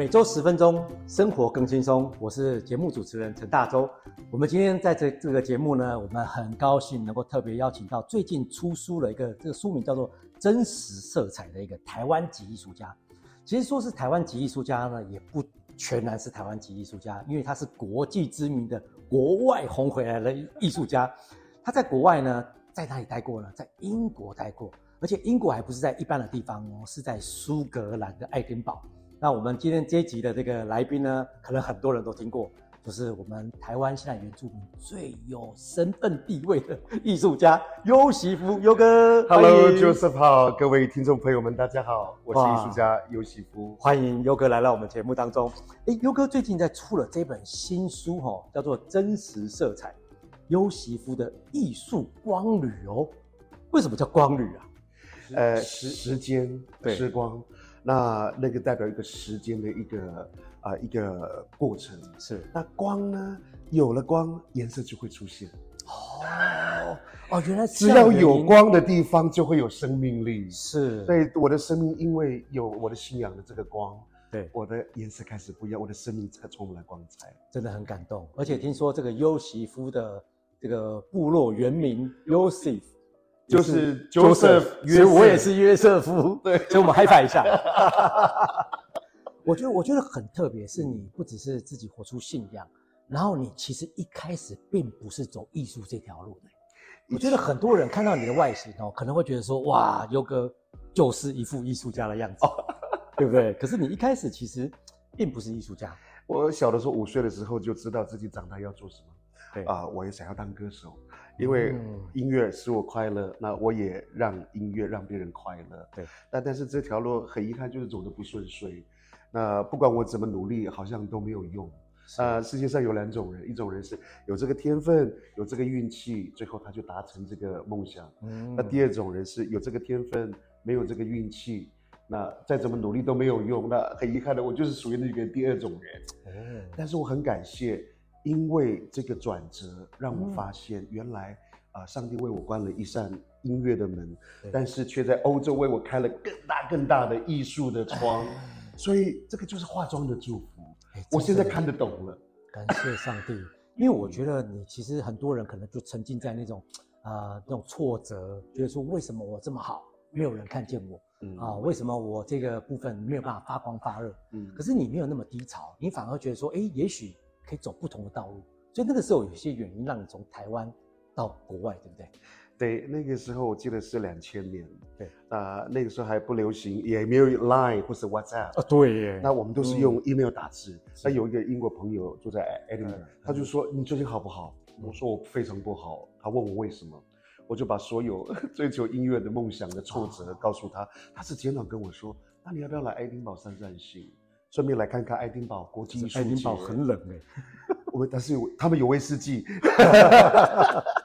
每週十分鐘，生活更輕鬆。我是節目主持人陳大洲。我們今天在這這個節目呢，我們很高興能夠特別邀請到最近出書了一個這個書名叫做《真實色彩》的一個台灣籍藝術家。其實說是台灣籍藝術家呢，也不全然是台灣籍藝術家，因為他是國際知名的國外紅回來的藝術家。他在國外呢，在哪裡待過呢？在英國待過，而且英國還不是在一般的地方哦，是在蘇格蘭的愛丁堡。那我們今天這集的這個來賓呢，可能很多人都聽過，就是我們台灣現在原住民最有身份地位的藝術家優席夫優哥。Hello，優席夫好，各位聽眾朋友們，大家好，我是藝術家優席哇夫，歡迎優哥來到我們節目當中。哎，優哥最近在出了這本新書哈、哦，叫做《真實色彩》，優席夫的藝術光旅哦。為什麼叫光旅啊？呃，時時間對時光。那那個代表一個時間的一個啊、呃、一個過程，是。那光呢？有了光，顏色就會出現。哦哦，哦，原來只要有光的地方，就會有生命力。是。所以我的生命，因為有我的信仰的這個光，對我的顏色開始不一樣，我的生命才充滿了光彩。真的很感動，而且聽說這個優席夫的這個部落原名優席夫。對就是約瑟，其實，我也是約瑟夫，對，所以我們 high five 一下。 我覺得我覺得很特別，是你不只是自己活出信仰，然後你其實一開始並不是走藝術這條路的。我覺得很多人看到你的外形哦、喔，可能會覺得說哇，優哥就是一副藝術家的樣子， 對不對？可是你一開始其實並不是藝術家。我小的時候五歲的時候就知道自己長大要做什麼。啊對、呃，我也想要當歌手，因為音樂使我快樂，嗯、那我也讓音樂讓別人快樂。對，那但，但是這條路很遺憾就是走得不順遂，那不管我怎麼努力，好像都沒有用。啊的、呃，世界上有兩種人，一種人是有這個天分，有這個運氣，最後他就達成這個夢想。嗯、那第二種人是有這個天分，沒有這個運氣，那再怎麼努力都沒有用。那很遺憾的，我就是屬於那邊第二種人。嗯、但是我很感謝。因為這個轉折讓我發現，原來啊、嗯呃，上帝為我關了一扇音樂的門，對但是卻在歐洲為我開了更大更大的藝術的窗。唉所以這個就是化妝的祝福。我現在看得懂了，感謝上帝。因為我覺得你其實很多人可能就沉浸在那種啊、呃、那種挫折，覺、就、得、是、說，為什麼我這麼好，沒有人看見我啊、嗯呃？為什麼我這個部分沒有辦法發光發熱？嗯，可是你沒有那麼低潮，你反而覺得說，哎、欸，也許。可以走不同的道路，所以那個時候有些原因讓你從台灣到國外，對不對？對，那個時候我記得是兩千年，對，啊、呃，那個時候還不流行，也沒有 Line 對或是 WhatsApp 啊、哦，對耶，那我們都是用 email 打字。對那有一個英國朋友住在 Edinburgh，是他就說：“你最近好不好？”我說：“我非常不好。”他問我為什麼，我就把所有追求音樂的夢想的挫折告訴他。哦、他是簡短跟我說：“那你要不要來愛丁堡散散心？”順便來看看愛丁堡國際藝術節，愛丁堡很冷誒、欸，我們，但是他們有威士忌，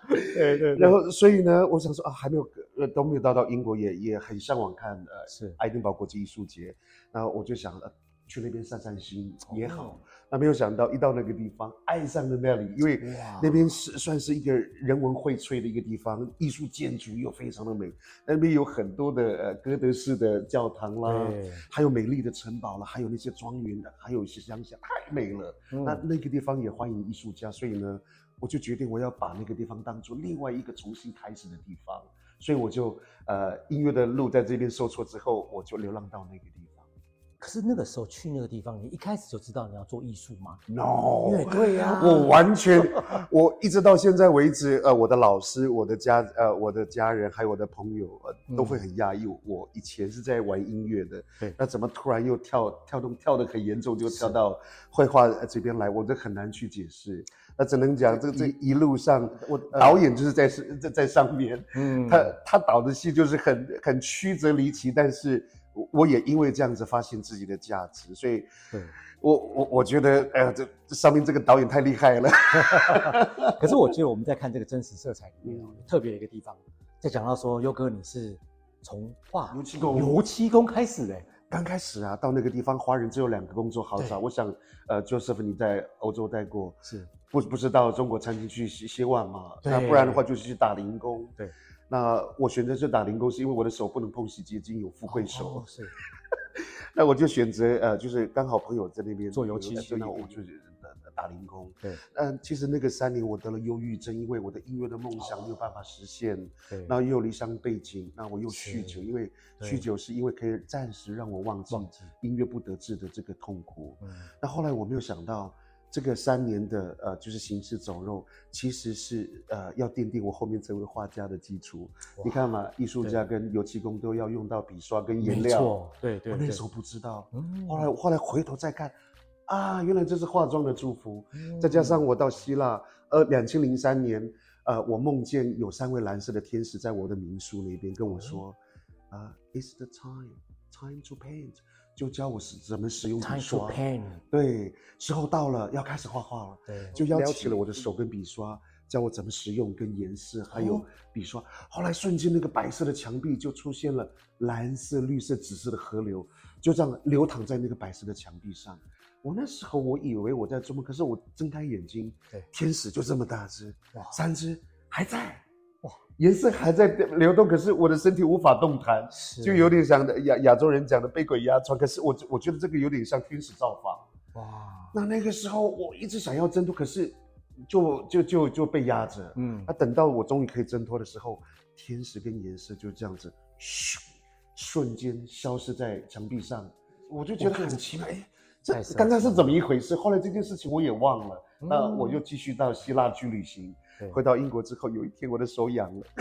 對對、對， 然後所以呢，我想說啊，還沒有呃，都沒有到到英國也也很向往看呃，是愛丁堡國際藝術節，然後我就想了。呃去那邊散散心也好，哦嗯、那沒有想到一到那個地方，愛上了那裡，因為那邊是哇算是一個人文薈萃的一個地方，藝術建築又非常的美，對那邊有很多的呃歌德式的教堂啦，對還有美麗的城堡啦，還有那些莊園的，還有一些鄉下，太美了。嗯、那那個地方也歡迎藝術家，所以呢，我就決定我要把那個地方當做另外一個重新開始的地方，所以我就呃音樂的路在這邊受挫之後，我就流浪到那個地方。可是那個時候去那個地方，你一開始就知道你要做藝術嗎？No，對呀，我完全， 我一直到現在為止，呃，我的老師、我的家、呃，我的家人還有我的朋友、呃、都會很訝異。嗯、我以前是在玩音樂的，對那怎麼突然又跳跳動跳得很嚴重，就跳到繪畫這邊來，我都很難去解釋。那只能講，這個這一路上，我、嗯、導演就是在在在上面，嗯，他他導的戲就是很很曲折離奇，但是。我也因為這樣子發現自己的價值，所以我，對我我我覺得，哎、呃、呀，這上面這個導演太厲害了。 可是我覺得我們在看這個真實色彩裡面、嗯、特別一個地方，在講到說，優哥你是從化，油漆工開始的、欸、剛開始啊，到那個地方華人只有兩個工作好找，對我想，呃，優席夫你在歐洲待過是不？不是到中國餐廳去洗洗碗嘛？對、啊，不然的話就是去打零工對。對。那我選擇是打零工，是因為我的手不能碰洗潔精，有富貴手。Oh, oh, oh, 那我就選擇呃，就是剛好朋友在那邊做油漆，那、啊、我就打打零工。對，嗯，其實那個三年我得了憂鬱症，因為我的音樂的夢想沒有辦法實現。Oh, 對。然後又有離鄉背井，那我又酗酒，對因為酗對酒是因為可以暫時讓我忘記音樂不得志的這個痛苦。嗯記。那後來我沒有想到。嗯嗯這個三年的呃，就是行屍走肉，其實是，呃，要奠定我後面成為畫家的基礎。哇你看嘛，藝術家跟油漆工都要用到筆刷跟顏料。沒錯，對，對，我那時候不知道，後來後來回頭再看，嗯、啊，原來這是化妝的祝福。嗯、再加上我到希臘，呃，兩千零三年，呃，我夢見有三位藍色的天使在我的民宿那邊跟我說，啊、嗯 uh,，It's the time, time to paint。就教我是怎麼使用筆刷。to 對，時候到了，要開始畫畫了，對就邀請了我的手跟筆刷，嗯、教我怎麼使用跟顏色，還有筆刷。哦、後來瞬間那個白色的牆壁就出現了藍色、綠色、紫色的河流，就這樣流淌在那個白色的牆壁上。我那時候我以為我在做夢，可是我睜開眼睛，對，天使就這麼大隻，哇！對，三隻還在。顏色還在流動，可是我的身體無法動彈，是就有點像亞亞洲人講的被鬼壓床。可是我我覺得這個有點像天使造訪。哇，那那個時候我一直想要掙脫，可是就就就就被壓着。嗯，那、啊、等到我終於可以掙脫的時候，天使跟顏色就這樣子，咻，瞬間消失在牆壁上，我就覺得很奇怪。這剛才是怎麼一回事？後來這件事情我也忘了。嗯、那我又繼續到希臘去旅行，對回到英國之後，有一天我的手癢了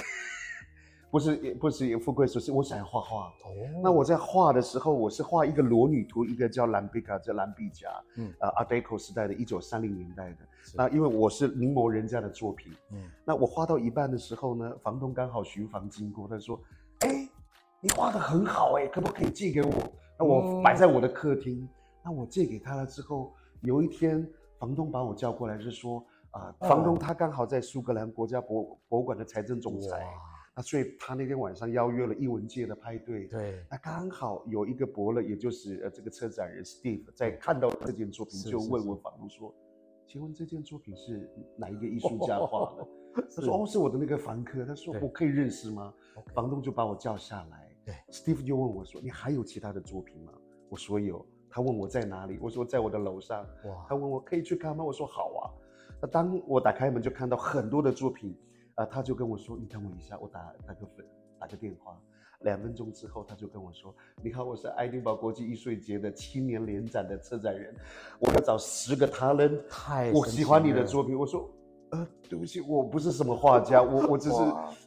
不，不是不是，也富貴，說是我想要畫畫。哦、那我在畫的時候，我是畫一個裸女圖，一個叫蘭比卡，叫蘭比嘉。嗯啊，Art Deco 時代的一九三零年代的。是那因為我是臨摹人家的作品，嗯，那我畫到一半的時候呢，房東剛好巡房經過，他說：“哎、欸，你畫得很好、欸，哎，可不可以借給我？嗯、那我擺在我的客廳。”那我借給他了之後，有一天房東把我叫過來，是說啊，房東他剛好在蘇格蘭國家博博物館的財政總裁，那所以他那天晚上邀約了藝文界的派對。對，那剛好有一個伯樂，也就是呃這個策展人 Steve 在看到這件作品，就問我房東說，請問這件作品是哪一個藝術家畫的？他說哦是我的那個房客，他說我可以認識嗎？房東就把我叫下來，對，Steve 就問我說你還有其他的作品嗎？我說有。他問我在哪裡，我說在我的樓上。哇他問我可以去看嗎？我說好啊。那當我打開門就看到很多的作品，啊、呃，他就跟我說：“你等我一下，我打打個分打個電話。”兩分鐘之後，他就跟我說：“你好，我是愛丁堡國際藝術節的青年聯展的策展人，我要找十個 talent，我喜歡你的作品。”我說：“呃，對不起，我不是什麼畫家，哇我我只是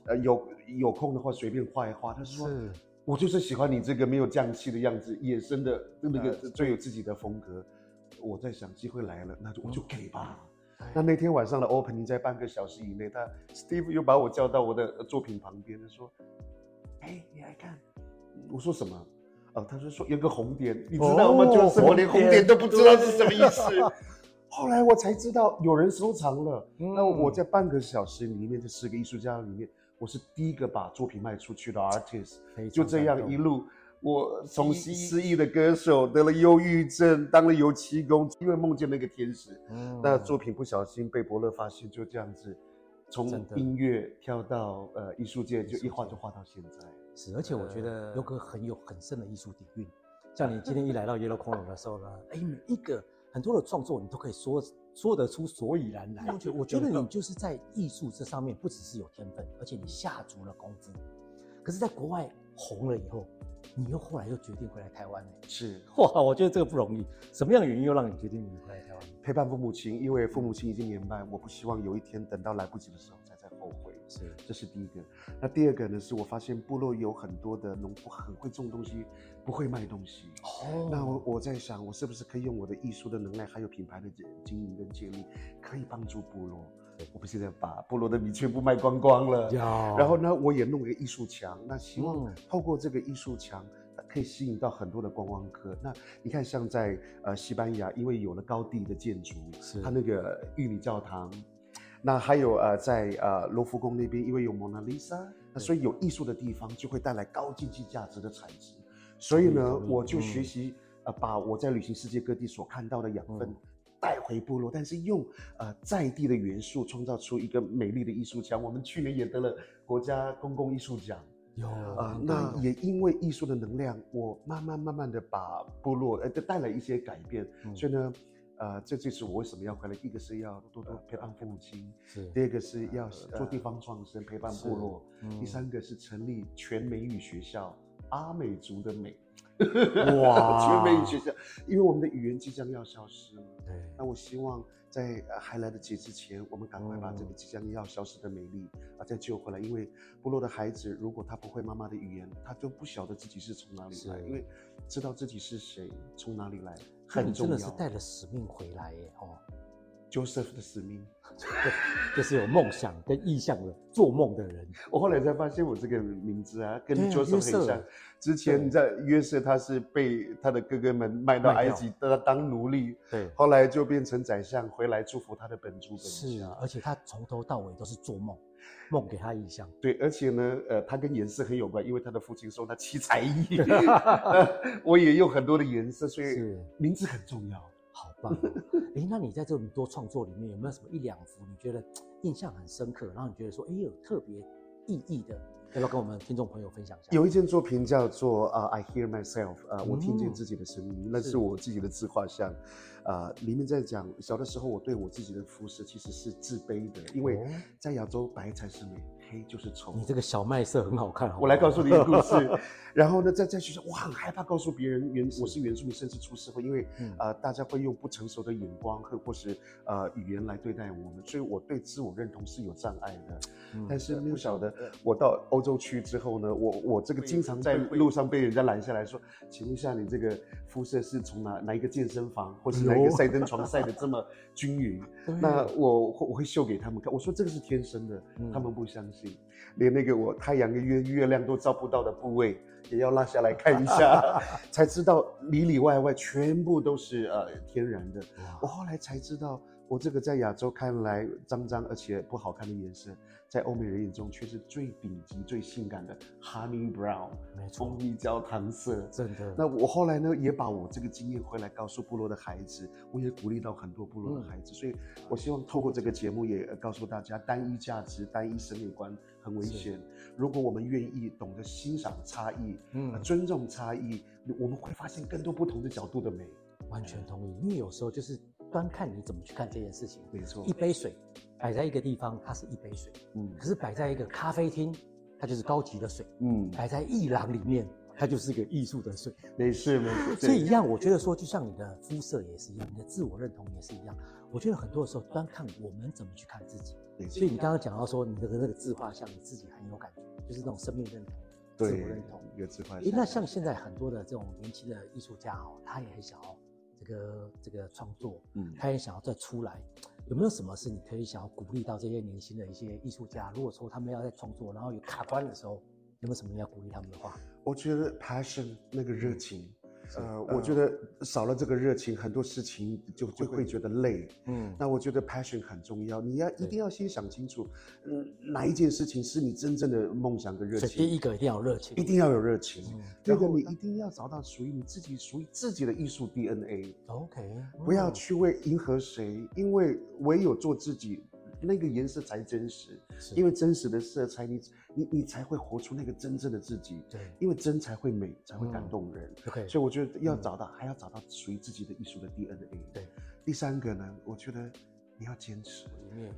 呃有有空的話隨便畫一畫。”他說：“是。”我就是喜歡你這個沒有匠氣的樣子，野生的那個最有自己的風格。啊、我在想，機會來了，那就我就給、OK、吧。對那那天晚上的 opening 在半個小時以內，他 Steve 又把我叫到我的作品旁邊，他說：“哎，你來看。”我說什麼？哦、啊，他說說有個紅點，哦、你知道嗎？就是我點連紅點都不知道是什麼意思。 後來我才知道有人收藏了。嗯、那我在半個小時裡面，這四個藝術家裡面。我是第一個把作品賣出去的 artist，就這樣一路，我從失意的歌手得了憂鬱症，當了油漆工，因為夢見那個天使，嗯、那作品不小心被伯樂發現，就這樣子，從音樂跳到的呃藝術界，就一畫就畫到現在。呃、是，而且我覺得優哥很有很深的藝術底蘊， 像你今天一來到 Yellow Korner 的時候呢，哎、 欸，每一個。很多的創作你都可以說說得出所以然來。我覺得你就是在藝術這上面，不只是有天分，而且你下足了功夫。可是，在國外紅了以後，你又後來又決定回來台灣。是哇，我覺得這個不容易。嗯，什麼樣的原因又讓你決定你回來台灣？陪伴父母親，因為父母親已經年邁，我不希望有一天等到來不及的時候再。是，這是第一個。那第二個呢？是我發現部落有很多的農夫很會種東西，不會賣東西。哦，那我我在想，我是不是可以用我的藝術的能量還有品牌的經營跟建立，可以幫助部落？對我們現在把部落的米全部賣光光了。有然後呢，我也弄一個藝術牆，那希望透過這個藝術牆，可以吸引到很多的觀光客。那你看，像在呃西班牙，因為有了高地的建築，是它那個玉米教堂。那還有呃，在呃羅浮宮那邊，因為有蒙娜麗莎，那所以有藝術的地方就會帶來高經濟價值的產值。所以呢，嗯、我就學習、嗯、呃，把我在旅行世界各地所看到的養分帶回部落，嗯、但是用呃在地的元素創造出一個美麗的藝術牆。我們去年也得了國家公共藝術獎。啊，那也因為藝術的能量，我慢慢慢慢的把部落呃帶來一些改變。嗯、所以呢。呃，這就是我為什麼要回來，一個是要多多陪伴父母親，是；第二個是要做地方創生，呃、陪伴部落；嗯、第三個是成立全美語學校，對阿美族的美，哇，全美語學校，因為我們的語言即將要消失了。對。那我希望在、呃、還來得及之前，我們趕快把這個即將要消失的美麗啊、嗯呃、再救回來，因為部落的孩子如果他不會媽媽的語言，他都不曉得自己是從哪裡來，是因為知道自己是誰，從哪裡來。很，重要很真的是帶着使命回來耶哦。Joseph 的使命 就是有夢想跟異象的，做夢的人。我後來才發現，我這個名字啊，跟 Joseph、啊、很像。之前在約瑟，他是被他的哥哥們賣到埃及掉當奴隸，對，後來就變成宰相，回來祝福他的本族的人。是啊，而且他從頭到尾都是做夢，夢給他異象。對，而且呢，呃，他跟顏色很有關，因為他的父親說他七彩衣、 呃。我也有很多的顏色，所以是名字很重要。哇，哎 Wow. 欸，那你在這麼多創作裡面，有沒有什麼一兩幅你覺得印象很深刻，然後你覺得說，哎、欸，有特別意義的，要不要跟我們聽眾朋友分享一下？有一件作品叫做啊、 uh,，I Hear Myself，啊、uh, 嗯，我聽見自己的聲音，是那是我自己的自畫像，啊、uh,，裡面在講小的時候我對我自己的膚色其實是自卑的，嗯、因為在亞洲白才是美。黑就是醜，你這個小麥色很好看。好看啊，我來告訴你一個故事。 然後呢，在在學校，我很害怕告訴別人原我是原住民，甚至出社會，因為、嗯呃、大家會用不成熟的眼光和或是呃語言來對待我們，所以我對自我認同是有障礙的。嗯、但是不曉得我到歐洲去之後呢，我我這個經常在路上被人家攔下來說，請問一下你這個膚色是從哪哪一個健身房，或是哪一個曬燈床曬的這麼均勻？嗯、對那我我會秀給他們看，我說這個是天生的，嗯、他們不相信。連那個我太陽跟月月亮都照不到的部位，也要拉下來看一下， 才知道裡裡外外全部都是呃天然的。哇我後來才知道。我這個在亞洲看來髒髒而且不好看的顏色，在歐美人眼中卻是最頂級、最性感的 honey brown，沒錯，蜂蜜焦糖色。哦，真的。那我後來呢，也把我這個經驗回來告訴部落的孩子，我也鼓勵到很多部落的孩子。嗯、所以，我希望透過這個節目也告訴大家，單一價值、嗯、單一審美觀很危險。是。如果我們願意懂得欣賞差異，嗯，尊重差異，我們會發現更多不同的角度的美。完全同意，因為、嗯、有時候就是。端看你怎麼去看這件事情，沒錯錯。一杯水擺在一個地方，它是一杯水，嗯。可是擺在一個咖啡廳，它就是高級的水，嗯。擺在藝廊裡面，它就是一個藝術的水，沒錯沒錯。所以一樣，對我覺得說，就像你的膚色也是一樣，你的自我認同也是一樣。我覺得很多的時候，端看我們怎麼去看自己。事所以你剛剛講到說，你的那個自畫像，你自己很有感覺，就是那種生命認同、對自我認同、有自畫像、欸。那像現在很多的這種年輕的藝術家哦，他也很想要。這個這個創作，嗯，他也想要再出來，有沒有什麼是你可以想要鼓勵到這些年輕的一些藝術家？如果說他們要在創作，然後有卡關的時候，有沒有什麼要鼓勵他們的話？我覺得，passion 那個熱情。呃，是 uh, 我覺得少了這個熱情，很多事情就就會覺得累。嗯，那我覺得 passion 很重要，你要一定要先想清楚，對 嗯、哪一件事情是你真正的夢想跟熱情。第一個一定要有熱情，一定要有熱情，然後、嗯、第二個你一定要找到屬於你自己、屬於自己的藝術 DNA。OK, okay. 不要去為迎合誰，因為唯有做自己。那個顏色才真實，是因為真實的色彩你、你你你才會活出那個真正的自己。對，因為真才會美，才會感動人。嗯 okay. 所以我覺得要找到，嗯、還要找到屬於自己的藝術的 DNA。對，第三個呢，我覺得你要堅持，持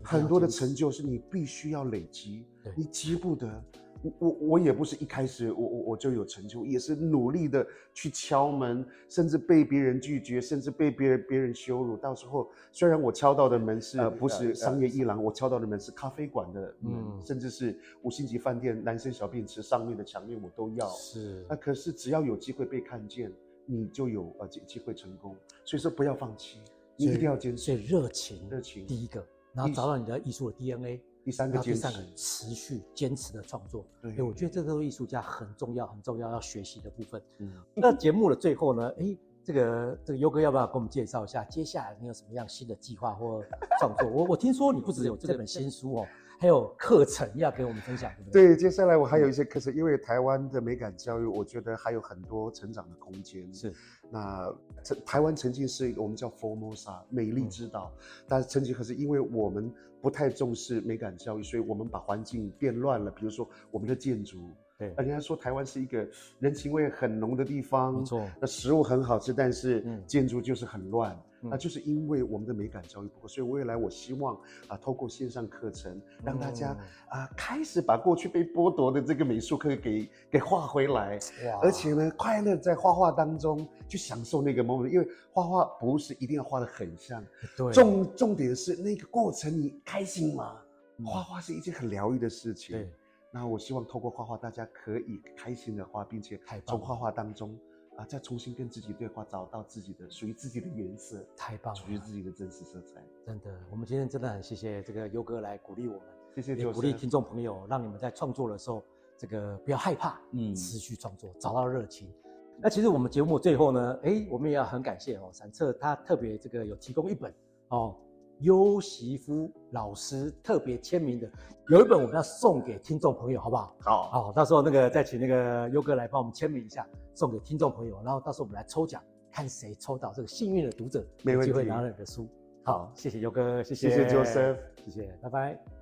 很多的成就是你必須要累積，對你急不得。我我我也不是一開始我我我就有成就，也是努力的去敲門，甚至被別人拒絕，甚至被別人別人羞辱。到時候雖然我敲到的門是不是商業藝廊，我敲到的門是咖啡館的門，嗯、甚至是五星級飯店男生小便池上面的牆面我都要。是，那可是只要有機會被看見，你就有呃機會成功。所以說不要放棄，你一定要堅持所，所以熱情，熱情第一個，然後找到你的藝術的 DNA。第三個第三個持續堅持的創作，哎，對我覺得這個都是藝術家很重要很重要要學習的部分。嗯，那節目的最後呢，哎，這個這個優哥要不要給我們介紹一下接下來你有什麼樣新的計劃或創作？ 我我聽說你不只有這本新書哦，是還有課程要給我們分享，對不對？對，接下來我還有一些課程，因為台灣的美感教育，我覺得還有很多成長的空間。是，那這台灣曾經是一個我們叫 Formosa 美麗之島，嗯、但曾經可是因為我們。不太重視美感教育，所以我們把環境變亂了。比如說我們的建築，對，啊，人家說台灣是一個人情味很濃的地方，沒錯，那食物很好吃，但是建築就是很亂。嗯那、啊、就是因為我們的美感教育不夠，所以未來我希望啊，透過線上課程，讓大家、嗯、啊開始把過去被剝奪的這個美術課給給畫回來。哇而且呢，快樂在畫畫當中，去享受那個 moment。因為畫畫不是一定要畫得很像，對。重重點是那個過程，你開心嗎？畫畫是一件很療癒的事情。對。那我希望透過畫畫，大家可以開心的畫，並且從畫畫當中。啊！再重新跟自己對話，找到自己的屬於自己的顏色，太棒了！屬於自己的真實色彩，真的。我們今天真的很謝謝這個優哥來鼓勵我們，謝謝就是，也鼓勵聽眾朋友，讓你們在創作的時候，這個不要害怕，嗯，持續創作，找到熱情。嗯、那其實我們節目最後呢，哎、欸，我們也要很感謝哦、喔，閃策他特別這個有提供一本哦。喔尤席夫老師特別簽名的，有一本我們要送給聽眾朋友，好不好？好，好，到時候那個再請那個優哥來幫我們簽名一下，送給聽眾朋友，然後到時候我們來抽獎，看誰抽到這個幸運的讀者，沒問題，有機會拿到你的書。好，嗯、謝謝優哥，謝謝，謝,謝 Joseph，謝謝，拜拜。